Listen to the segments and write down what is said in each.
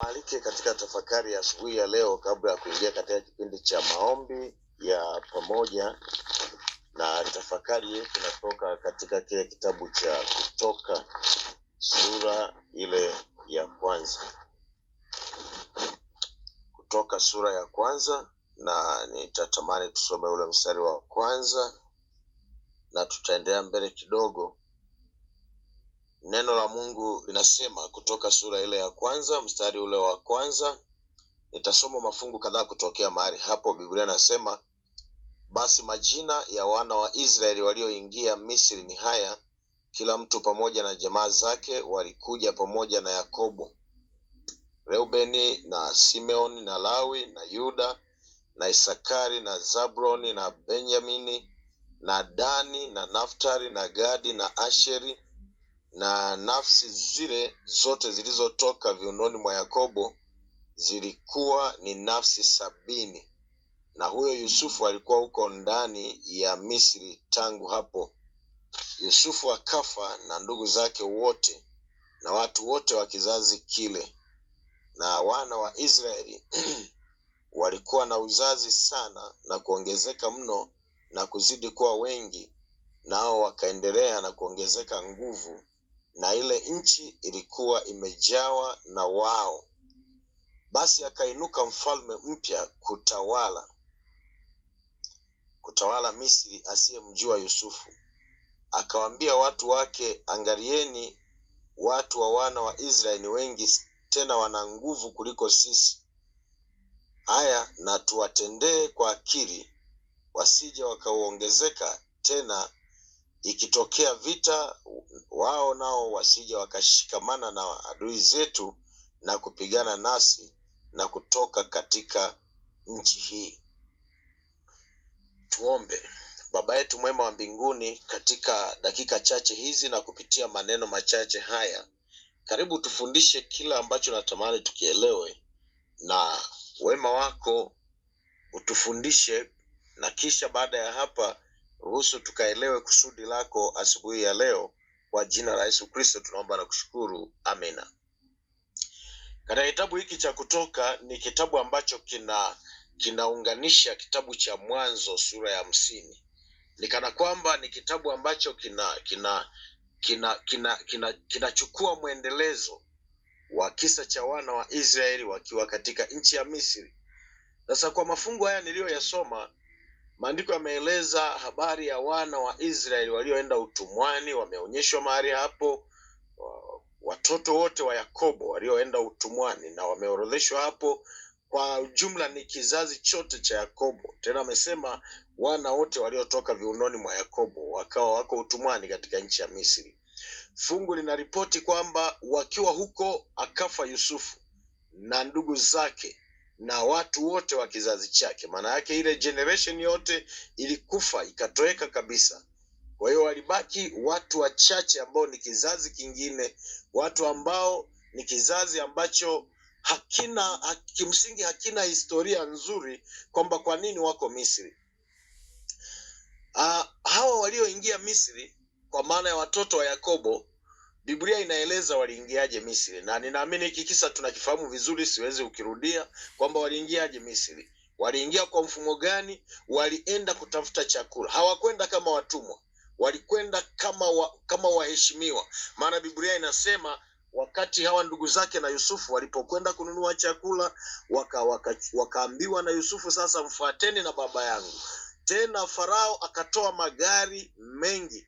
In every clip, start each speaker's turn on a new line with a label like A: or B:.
A: Alike katika tafakari ya asubuhi ya leo kabla ya kuingia katika kipindi cha maombi ya pamoja na tafakari yetu inatoka katika kile kitabu cha Kutoka sura ile ya kwanza. Kutoka sura ya kwanza, na nitatamani tusome ule mstari wa kwanza na tutaendelea mbele kidogo neno la Mungu linasema kutoka sura ile ya kwanza mstari ule wa kwanza. Nitasoma mafungu kadhaa kutokea mahali hapo. Biblia inasema basi majina ya wana wa Israeli walioingia Misri ni haya, kila mtu pamoja na jamaa zake walikuja pamoja na Yakobo, Reubeni na Simeoni na Lawi na Yuda na Isakari na Zabroni na Benjamini na Dani na naftari na Gadi na Asheri na nafsi zile zote zilizotoka viunoni mwa Yakobo zilikuwa ni nafsi sabini, na huyo Yusufu alikuwa huko ndani ya Misri tangu hapo. Yusufu akafa na ndugu zake wote na watu wote wa kizazi kile, na wana wa Israeli walikuwa na uzazi sana na kuongezeka mno na kuzidi kuwa wengi, nao wakaendelea na kuongezeka nguvu na ile nchi ilikuwa imejawa na wao. Basi akainuka mfalme mpya kutawala kutawala Misri asiyemjua Yusufu. Akawaambia watu wake, angalieni, watu wa wana wa Israeli ni wengi, tena wana nguvu kuliko sisi. Haya, na tuwatendee kwa akili, wasije wakauongezeka tena ikitokea vita, wao nao wasija wakashikamana na adui zetu na kupigana nasi na kutoka katika nchi hii. Tuombe. Baba yetu mwema wa mbinguni, katika dakika chache hizi na kupitia maneno machache haya, karibu tufundishe kila ambacho natamani tukielewe, na wema wako utufundishe, na kisha baada ya hapa Ruhusu tukaelewe kusudi lako asubuhi ya leo. Kwa jina la Yesu Kristo tunaomba na kushukuru, amina. Katika kitabu hiki cha Kutoka ni kitabu ambacho kina kinaunganisha kitabu cha Mwanzo sura ya hamsini ni kana kwamba ni kitabu ambacho kina kina kinachukua kina, kina, kina mwendelezo wa kisa cha wana wa Israeli wakiwa katika nchi ya Misri. Sasa kwa mafungu haya niliyoyasoma Maandiko yameeleza habari ya wana wa Israeli walioenda utumwani, wameonyeshwa mahali hapo, watoto wote wa Yakobo walioenda utumwani na wameorodheshwa hapo. Kwa ujumla ni kizazi chote cha Yakobo. Tena amesema wana wote waliotoka viunoni mwa Yakobo wakawa wako utumwani katika nchi ya Misri. Fungu linaripoti kwamba wakiwa huko akafa Yusufu na ndugu zake na watu wote wa kizazi chake. Maana yake ile generation yote ilikufa ikatoweka kabisa. Kwa hiyo walibaki watu wachache ambao ni kizazi kingine, watu ambao ni kizazi ambacho hakina kimsingi, hakina historia nzuri kwamba kwa nini wako Misri. Uh, hawa walioingia Misri kwa maana ya watoto wa Yakobo Biblia inaeleza waliingiaje Misri, na ninaamini hiki kisa tunakifahamu vizuri, siwezi ukirudia kwamba waliingiaje Misri, waliingia kwa mfumo gani? Walienda kutafuta chakula, hawakwenda kama watumwa, walikwenda kama wa, kama waheshimiwa. Maana Biblia inasema wakati hawa ndugu zake na Yusufu walipokwenda kununua chakula waka, waka, wakaambiwa na Yusufu, sasa mfuateni na baba yangu. Tena Farao akatoa magari mengi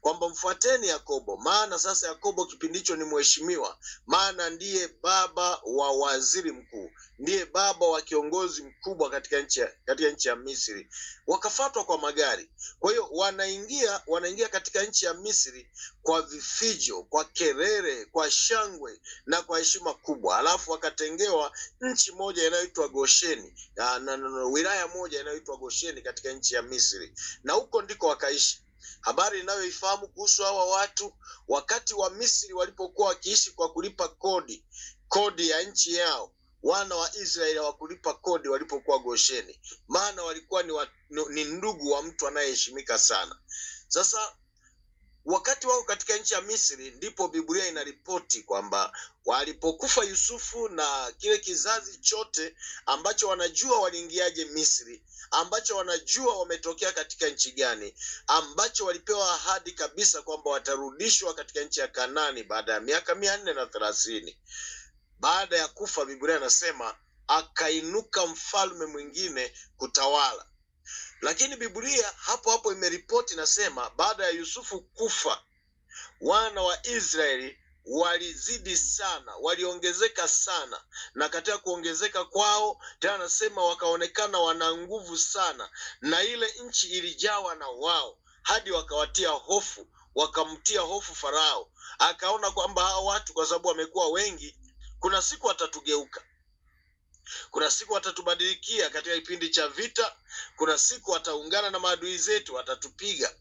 A: kwamba mfuateni Yakobo, maana sasa Yakobo kipindi hicho ni mheshimiwa, maana ndiye baba wa waziri mkuu, ndiye baba wa kiongozi mkubwa katika nchi katika nchi ya Misri. Wakafatwa kwa magari. Kwa hiyo wanaingia wanaingia katika nchi ya Misri kwa vifijo, kwa kerere, kwa shangwe na kwa heshima kubwa, alafu wakatengewa nchi moja inayoitwa Gosheni na, ah, na, na, na wilaya moja inayoitwa Gosheni katika nchi ya Misri, na huko ndiko wakaishi habari inayoifahamu kuhusu hawa watu, wakati wa Misri walipokuwa wakiishi kwa kulipa kodi, kodi ya nchi yao, wana wa Israeli hawakulipa kodi walipokuwa Gosheni, maana walikuwa ni, wa, ni ndugu wa mtu anayeheshimika sana. Sasa wakati wako katika nchi ya Misri, ndipo Biblia inaripoti kwamba walipokufa Yusufu na kile kizazi chote ambacho wanajua waliingiaje Misri, ambacho wanajua wametokea katika nchi gani, ambacho walipewa ahadi kabisa kwamba watarudishwa katika nchi ya Kanani baada ya miaka mia nne na thelathini baada ya kufa, Biblia inasema akainuka mfalme mwingine kutawala lakini Biblia hapo hapo imeripoti inasema, baada ya Yusufu kufa wana wa Israeli walizidi sana, waliongezeka sana, na katika kuongezeka kwao tena anasema wakaonekana wana nguvu sana, na ile nchi ilijawa na wao hadi wakawatia hofu, wakamtia hofu Farao. Akaona kwamba hawa watu kwa sababu wamekuwa wengi, kuna siku watatugeuka. Kuna siku watatubadilikia katika kipindi cha vita. Kuna siku wataungana na maadui zetu, watatupiga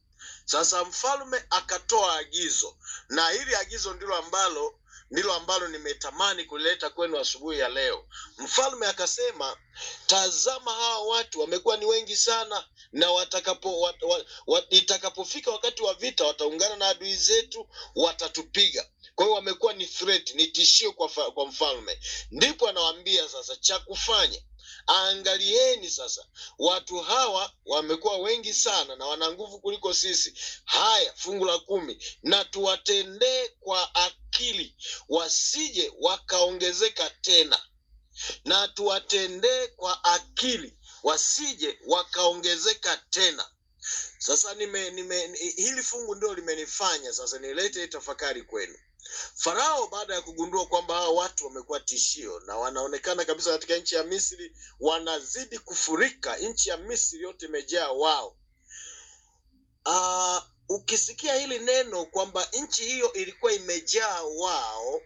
A: Sasa mfalme akatoa agizo, na hili agizo ndilo ambalo ndilo ambalo nimetamani kulileta kwenu asubuhi ya leo. Mfalme akasema, tazama, hawa watu wamekuwa ni wengi sana, na watakapo wat, wat, wat, itakapofika wakati wa vita wataungana na adui zetu, watatupiga kwa hiyo wamekuwa ni threat, ni tishio kwa, kwa mfalme. Ndipo anawaambia sasa cha kufanya, angalieni sasa, watu hawa wamekuwa wengi sana na wana nguvu kuliko sisi. Haya, fungu la kumi, na tuwatendee kwa akili, wasije wakaongezeka tena na tuwatendee kwa akili wasije wakaongezeka tena. Sasa nime, nime hili fungu ndio limenifanya sasa nilete tafakari kwenu. Farao baada ya kugundua kwamba hawa watu wamekuwa tishio na wanaonekana kabisa katika nchi ya Misri wanazidi kufurika, nchi ya Misri yote imejaa wao. Uh, ukisikia hili neno kwamba nchi hiyo ilikuwa imejaa wao,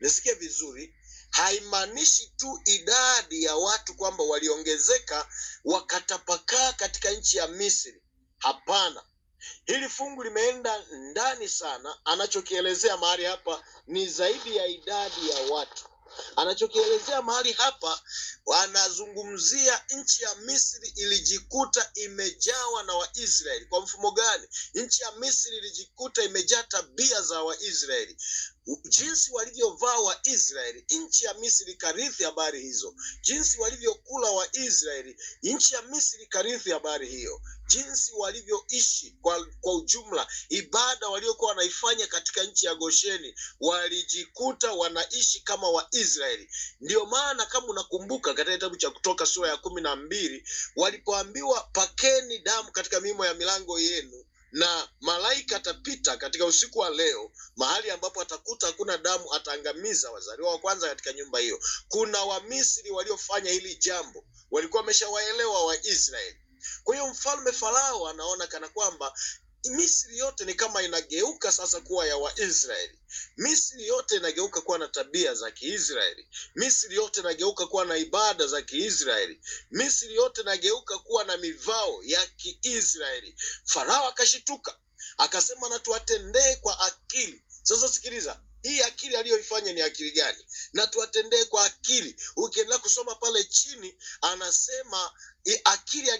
A: nisikie vizuri, haimaanishi tu idadi ya watu kwamba waliongezeka wakatapakaa katika nchi ya Misri. Hapana, Hili fungu limeenda ndani sana. Anachokielezea mahali hapa ni zaidi ya idadi ya watu. Anachokielezea mahali hapa, wanazungumzia nchi ya Misri ilijikuta imejawa na Waisraeli. Kwa mfumo gani? Nchi ya Misri ilijikuta imejaa tabia za Waisraeli jinsi walivyovaa Israeli nchi ya Misri karithi habari hizo. Jinsi walivyokula Waisraeli, nchi ya Misri karithi habari hiyo. Jinsi walivyoishi kwa, kwa ujumla, ibada waliokuwa wanaifanya katika nchi ya Gosheni, walijikuta wanaishi kama Waisraeli. Ndiyo maana kama unakumbuka katika kitabu cha Kutoka sura ya kumi na mbili walipoambiwa pakeni damu katika mimo ya milango yenu na malaika atapita katika usiku wa leo mahali ambapo atakuta hakuna damu, ataangamiza wazaliwa wa kwanza katika nyumba hiyo. Kuna Wamisri waliofanya hili jambo, walikuwa wameshawaelewa Waisraeli. Kwa hiyo mfalme Farao anaona kana kwamba Misri yote ni kama inageuka sasa kuwa ya Waisraeli. Misri yote inageuka kuwa na tabia za Kiisraeli. Misri yote inageuka kuwa na ibada za Kiisraeli. Misri yote inageuka kuwa na mivao ya Kiisraeli. Farao akashituka, akasema na tuwatendee kwa akili. Sasa sikiliza, hii akili aliyoifanya ni akili gani? Na tuwatendee kwa akili. Ukiendelea kusoma pale chini, anasema akili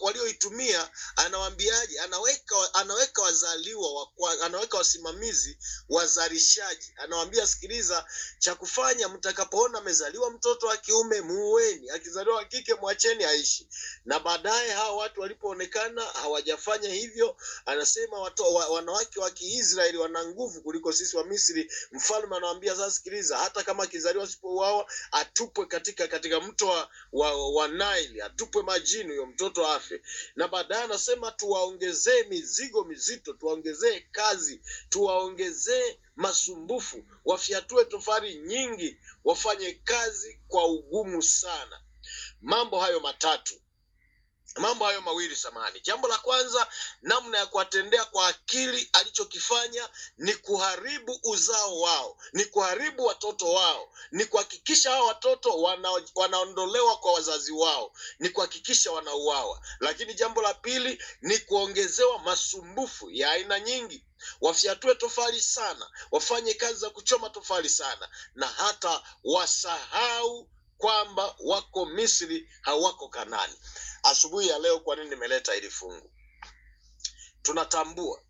A: walioitumia, anawambiaje Anaweka anaweka wazaliwa, anaweka wasimamizi, wazalishaji. anawambia sikiliza, cha kufanya mtakapoona amezaliwa mtoto wa kiume muweni, akizaliwa wa kike mwacheni aishi. Na baadaye hawa watu walipoonekana hawajafanya hivyo, anasema watu, wanawake wa Kiisraeli wana nguvu kuliko sisi wa Misri. Mfalme anawaambia sasa, sikiliza, hata kama akizaliwa asipouawa atupwe katika katika mto wa, wa, wa Nile, atupwe majini, huyo mtoto afe. Na baadaye anasema tuwaongezee mizigo mizito, tuwaongezee kazi, tuwaongezee masumbufu, wafyatue tofari nyingi, wafanye kazi kwa ugumu sana. Mambo hayo matatu mambo hayo mawili samani. Jambo la kwanza, namna ya kuwatendea kwa akili, alichokifanya ni kuharibu uzao wao, ni kuharibu watoto wao, ni kuhakikisha hao watoto wana, wanaondolewa kwa wazazi wao, ni kuhakikisha wanauawa. Lakini jambo la pili ni kuongezewa masumbufu ya aina nyingi wafyatue tofali sana, wafanye kazi za kuchoma tofali sana, na hata wasahau kwamba wako Misri, hawako Kanani. Asubuhi ya leo, kwa nini nimeleta hili fungu? Tunatambua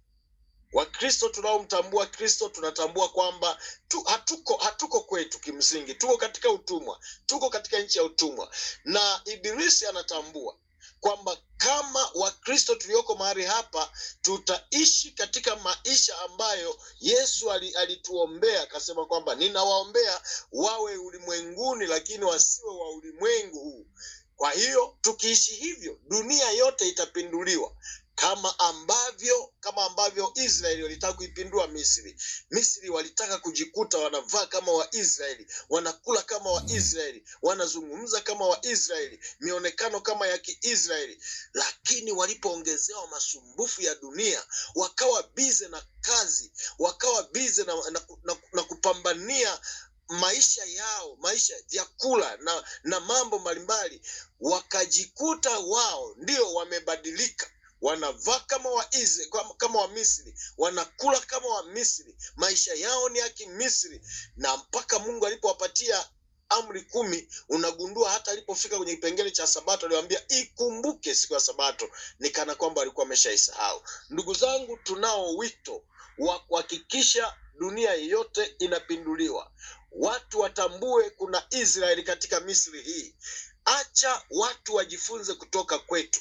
A: Wakristo tunaomtambua Kristo, tunatambua kwamba tu, hatuko hatuko kwetu, kimsingi tuko katika utumwa, tuko katika nchi ya utumwa, na Ibilisi anatambua kwamba kama Wakristo tulioko mahali hapa tutaishi katika maisha ambayo Yesu alituombea, akasema kwamba ninawaombea wawe ulimwenguni, lakini wasiwe wa ulimwengu huu. Kwa hiyo tukiishi hivyo, dunia yote itapinduliwa kama ambavyo kama ambavyo Israeli walitaka kuipindua Misri. Misri walitaka kujikuta wanavaa kama Waisraeli, wanakula kama Waisraeli, wanazungumza kama Waisraeli, mionekano kama ya Kiisraeli. Lakini walipoongezewa masumbufu ya dunia, wakawa bize na kazi, wakawa bize na, na, na, na kupambania maisha yao, maisha, vyakula na, na mambo mbalimbali, wakajikuta wao ndio wamebadilika wanavaa kama wa Israeli, kama wa Misri, wanakula kama wa Misri, maisha yao ni ya Kimisri. Na mpaka Mungu alipowapatia amri kumi, unagundua hata alipofika kwenye kipengele cha Sabato aliwaambia ikumbuke siku ya Sabato, ni kana kwamba alikuwa ameshaisahau. Ndugu zangu, tunao wito wa kuhakikisha dunia yote inapinduliwa, watu watambue kuna Israeli katika Misri hii. Acha watu wajifunze kutoka kwetu.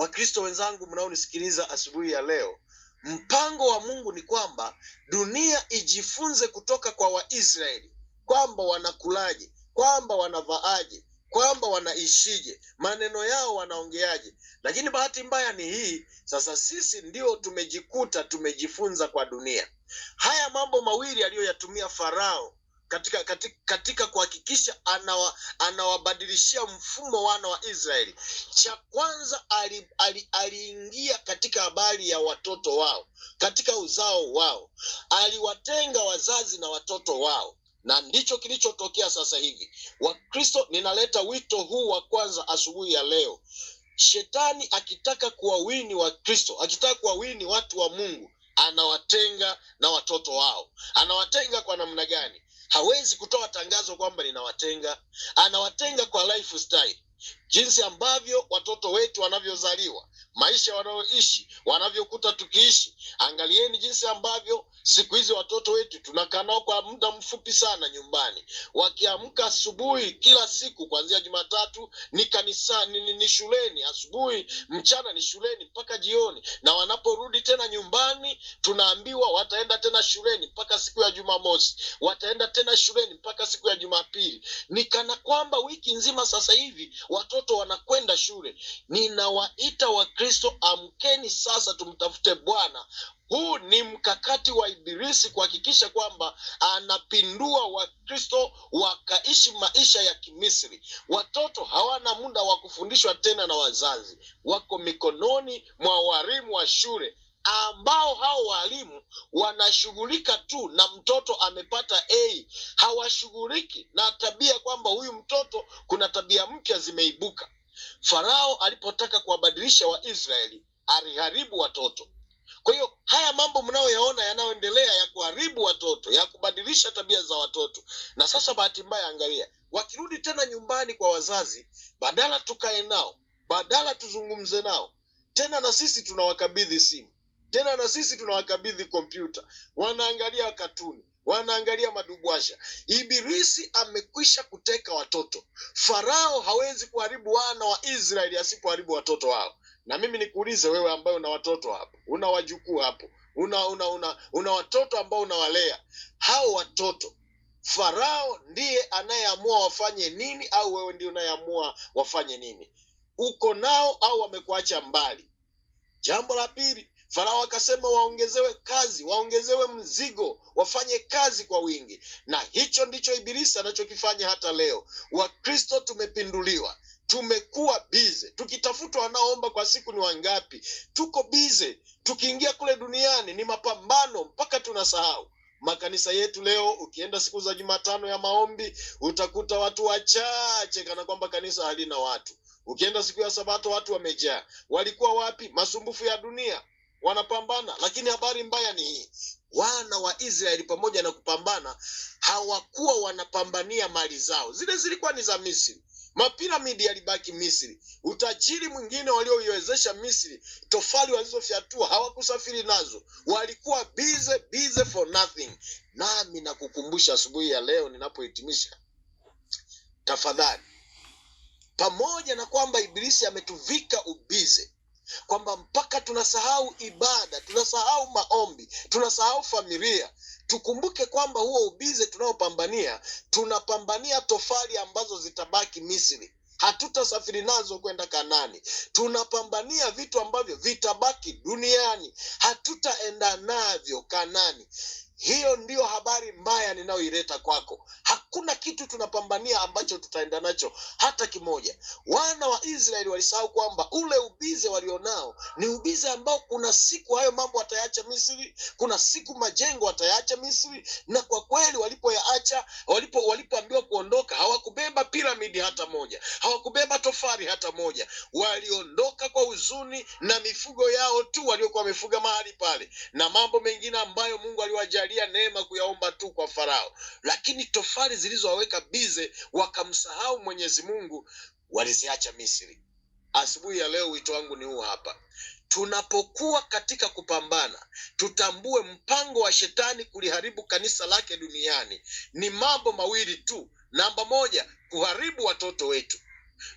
A: Wakristo wenzangu mnaonisikiliza asubuhi ya leo, mpango wa Mungu ni kwamba dunia ijifunze kutoka kwa Waisraeli kwamba wanakulaje, kwamba wanavaaje, kwamba wanaishije, maneno yao wanaongeaje. Lakini bahati mbaya ni hii sasa, sisi ndio tumejikuta tumejifunza kwa dunia. Haya mambo mawili aliyoyatumia Farao katika, katika, katika kuhakikisha anawa, anawabadilishia mfumo wana wa Israeli. Cha kwanza aliingia ali, ali katika habari ya watoto wao, katika uzao wao, aliwatenga wazazi na watoto wao na ndicho kilichotokea sasa hivi. Wakristo, ninaleta wito huu wa kwanza asubuhi ya leo. Shetani akitaka kuwawini Wakristo, akitaka kuwawini watu wa Mungu, anawatenga na watoto wao. Anawatenga kwa namna gani? hawezi kutoa tangazo kwamba ninawatenga. Anawatenga kwa lifestyle, jinsi ambavyo watoto wetu wanavyozaliwa maisha wanayoishi, wanavyokuta tukiishi. Angalieni jinsi ambavyo siku hizi watoto wetu tunakaa nao kwa muda mfupi sana nyumbani. Wakiamka asubuhi kila siku kuanzia Jumatatu ni kanisani, ni, ni shuleni asubuhi, mchana ni shuleni mpaka jioni, na wanaporudi tena nyumbani tunaambiwa wataenda tena shuleni mpaka siku ya Jumamosi, wataenda tena shuleni mpaka siku ya Jumapili. Ni kana kwamba wiki nzima sasa hivi watoto wanakwenda shule. Ninawaita wa Kristo, amkeni sasa tumtafute Bwana. Huu ni mkakati wa Ibilisi kuhakikisha kwamba anapindua Wakristo wakaishi maisha ya Kimisri. Watoto hawana muda wa kufundishwa tena na wazazi, wako mikononi mwa walimu wa shule ambao hao walimu wanashughulika tu na mtoto amepata A, hawashughuliki na tabia kwamba huyu mtoto kuna tabia mpya zimeibuka. Farao alipotaka kuwabadilisha Waisraeli aliharibu watoto. Kwa hiyo haya mambo mnayoyaona yanayoendelea ya kuharibu watoto, ya kubadilisha tabia za watoto, na sasa bahati mbaya, angalia, wakirudi tena nyumbani kwa wazazi, badala tukae nao, badala tuzungumze nao, tena na sisi tunawakabidhi simu, tena na sisi tunawakabidhi kompyuta, wanaangalia katuni wanaangalia madubwasha. Ibilisi amekwisha kuteka watoto. Farao hawezi kuharibu wana wa Israeli asipoharibu watoto wao. Na mimi nikuulize wewe, ambaye una watoto hapo, una wajukuu hapo, una una una una watoto ambao unawalea hao watoto Farao ndiye anayeamua wafanye nini, au wewe ndio unayeamua wafanye nini? Uko nao au wamekuacha mbali? Jambo la pili, Farao akasema waongezewe kazi, waongezewe mzigo, wafanye kazi kwa wingi, na hicho ndicho Ibilisi anachokifanya hata leo. Wakristo tumepinduliwa, tumekuwa bize, tukitafutwa wanaoomba kwa siku ni wangapi, tuko bize. Tukiingia kule duniani ni mapambano mpaka tunasahau makanisa yetu leo. Ukienda siku za Jumatano ya maombi utakuta watu wachache, kana kwamba kanisa halina watu. Ukienda siku ya Sabato watu wamejaa. Walikuwa wapi? Masumbufu ya dunia, wanapambana, lakini habari mbaya ni hii, wana wa Israeli pamoja na kupambana hawakuwa wanapambania mali zao, zile zilikuwa ni za Misri. Mapiramidi yalibaki Misri, utajiri mwingine walioiwezesha Misri, tofali walizofyatua hawakusafiri nazo, walikuwa busy busy for nothing. Nami nakukumbusha asubuhi ya leo ninapohitimisha, tafadhali, pamoja na kwamba Ibilisi ametuvika ubize kwamba mpaka tunasahau ibada, tunasahau maombi, tunasahau familia. Tukumbuke kwamba huo ubize tunaopambania, tunapambania tofali ambazo zitabaki Misri, hatutasafiri nazo kwenda Kanani. Tunapambania vitu ambavyo vitabaki duniani, hatutaenda navyo Kanani. Hiyo ndiyo habari mbaya ninayoileta kwako. Hakuna kitu tunapambania ambacho tutaenda nacho hata kimoja. Wana wa Israeli walisahau kwamba ule ubize walionao ni ubize ambao kuna siku hayo mambo watayaacha Misri, kuna siku majengo watayaacha Misri. Na kwa kweli walipoyaacha, walipo walipoambiwa kuondoka, hawakubeba piramidi hata moja, hawakubeba tofari hata moja. Waliondoka kwa huzuni na mifugo yao tu waliokuwa wamefuga mahali pale na mambo mengine ambayo Mungu aliwajalia waliangalia neema kuyaomba tu kwa Farao, lakini tofali zilizowaweka bize wakamsahau Mwenyezi Mungu, waliziacha Misri. Asubuhi ya leo wito wangu ni huu hapa. Tunapokuwa katika kupambana, tutambue mpango wa shetani kuliharibu kanisa lake duniani ni mambo mawili tu. Namba moja, kuharibu watoto wetu.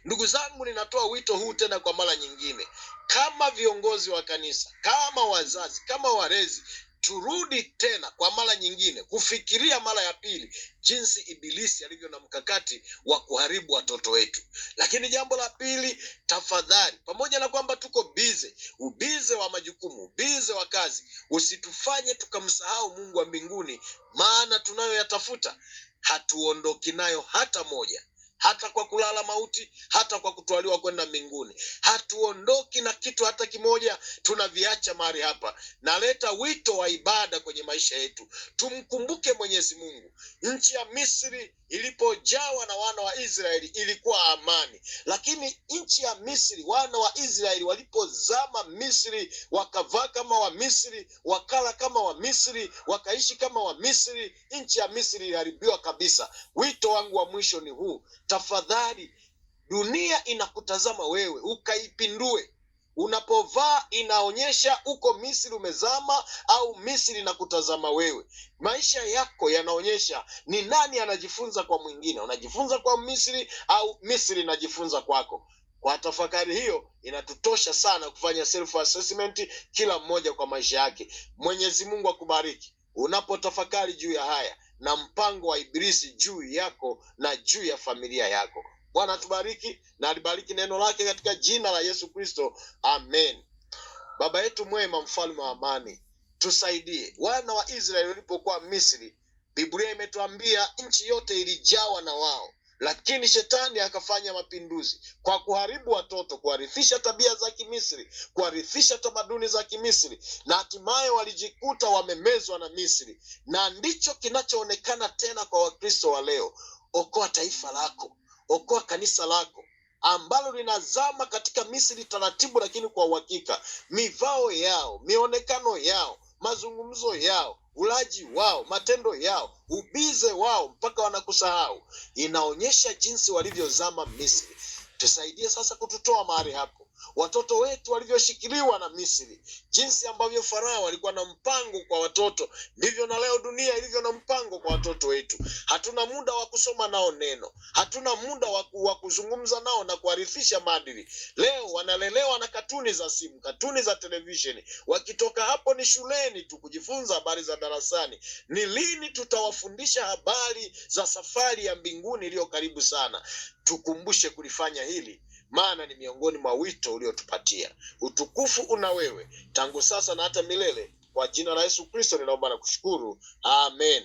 A: Ndugu zangu, ninatoa wito huu tena kwa mara nyingine, kama viongozi wa kanisa, kama wazazi, kama walezi, turudi tena kwa mara nyingine kufikiria mara ya pili jinsi Ibilisi alivyo na mkakati wa kuharibu watoto wetu. Lakini jambo la pili, tafadhali, pamoja na kwamba tuko bize, ubize wa majukumu, ubize wa kazi, usitufanye tukamsahau Mungu wa mbinguni, maana tunayoyatafuta hatuondoki nayo hata moja hata kwa kulala mauti, hata kwa kutwaliwa kwenda mbinguni. Hatuondoki na kitu hata kimoja, tunaviacha mahali hapa. Naleta wito wa ibada kwenye maisha yetu, tumkumbuke Mwenyezi Mungu. Nchi ya Misri ilipojawa na wana wa Israeli ilikuwa amani, lakini nchi ya Misri, wana wa Israeli walipozama Misri, wakavaa kama Wamisri, wakala kama Wamisri, wakaishi kama Wamisri, nchi ya Misri iliharibiwa kabisa. Wito wangu wa mwisho ni huu tafadhali, dunia inakutazama wewe, ukaipindue. Unapovaa inaonyesha uko Misri umezama, au Misri inakutazama wewe. Maisha yako yanaonyesha ni nani anajifunza kwa mwingine. Unajifunza kwa Misri au Misri inajifunza kwako? Kwa tafakari hiyo inatutosha sana kufanya self assessment, kila mmoja kwa maisha yake. Mwenyezi Mungu akubariki unapotafakari juu ya haya na mpango wa Ibilisi juu yako na juu ya familia yako. Bwana atubariki na alibariki neno lake katika jina la Yesu Kristo, amen. Baba yetu mwema, mfalme wa amani, tusaidie. Wana wa Israeli walipokuwa Misri, Biblia imetuambia nchi yote ilijawa na wao lakini shetani akafanya mapinduzi kwa kuharibu watoto, kuharithisha tabia za Kimisri, kuharithisha tamaduni za Kimisri, na hatimaye walijikuta wamemezwa na Misri. Na ndicho kinachoonekana tena kwa Wakristo wa leo. Okoa taifa lako, okoa kanisa lako ambalo linazama katika Misri taratibu, lakini kwa uhakika. Mivao yao, mionekano yao, mazungumzo yao ulaji wao, matendo yao, ubize wao mpaka wanakusahau. Inaonyesha jinsi walivyozama Misri. Tusaidie sasa kututoa mahali hapo watoto wetu walivyoshikiliwa na Misri, jinsi ambavyo Farao alikuwa na mpango kwa watoto, ndivyo na leo dunia ilivyo na mpango kwa watoto wetu. Hatuna muda wa kusoma nao neno, hatuna muda wa kuzungumza nao na kuarithisha maadili. Leo wanalelewa na katuni za simu, katuni za televisheni, wakitoka hapo ni shuleni tu kujifunza habari za darasani. Ni lini tutawafundisha habari za safari ya mbinguni iliyo karibu sana? Tukumbushe kulifanya hili maana ni miongoni mwa wito uliotupatia. Utukufu una wewe tangu sasa na hata milele. Kwa jina la Yesu Kristo ninaomba na kushukuru, amen.